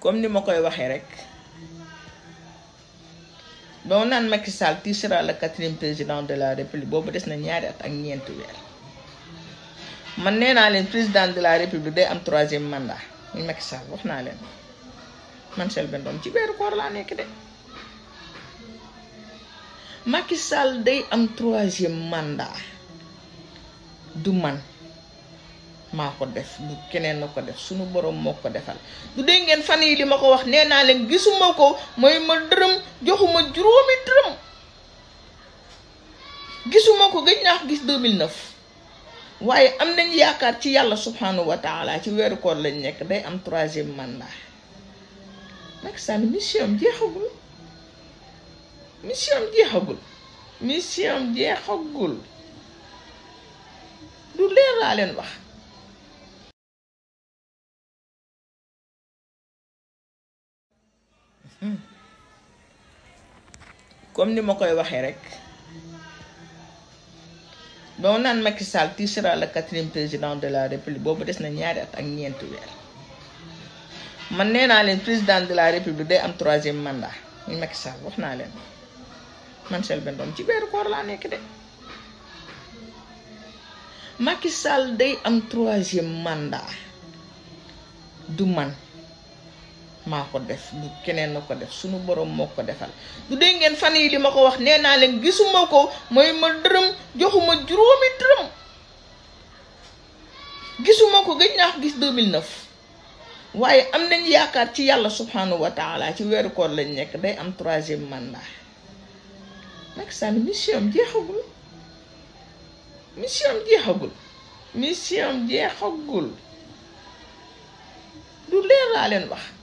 comme ni ma koy waxee rek ba naan Macky Sall tu seras le président de la république boobu des na ñaari at ak ñeenti weer man nee naa leen président de la république day am troisième mandat muy Macky Sall wax naa leen man Selbé Ndom ci weeru koor laa nekk de Macky Sall day am troisième mandat du man. maa ko def du keneen na ko def suñu boroom moo ko defal du dee ngeen fan yi li ma ko wax nee naa leen gisuma ko mooy ma dërëm joxuma juróomi dërëm gisuma ko gëj naa gis 2009 waaye am nañ yaakaar ci yàlla subhanahu wa taala ci weeru koor lañ nekk day am troisième mandat Macky Sall mission jeexagul mission jeexagul mission jeexagul du leer laa leen wax Mm. comme ni ma koy waxee rek ba mu naan Macky Sall tu seras le quatrième président de la république boobu des na ñaari at ak ñeenti weer man nee naa leen président de la république day am troisième mandat muy Macky wax naa leen man Selbé Ndom ci weeru koor laa nekk de Macky Sall day am troisième mandat du man. maa ko def du keneen na ko def suñu boroom moo ko defal du dégg ngeen fan yi li ma ko wax nee naa leen gisuma ko mooy ma dërëm joxuma juróomi dërëm gisuma ko gëj naa gis 2009 waaye am nañ yaakaar ci yàlla subhanahu wa taala ci weeru koor lañ nekk day am troisième mandat Macky Sall mission jeexagul mission jeexagul mission jeexagul du leer laa leen wax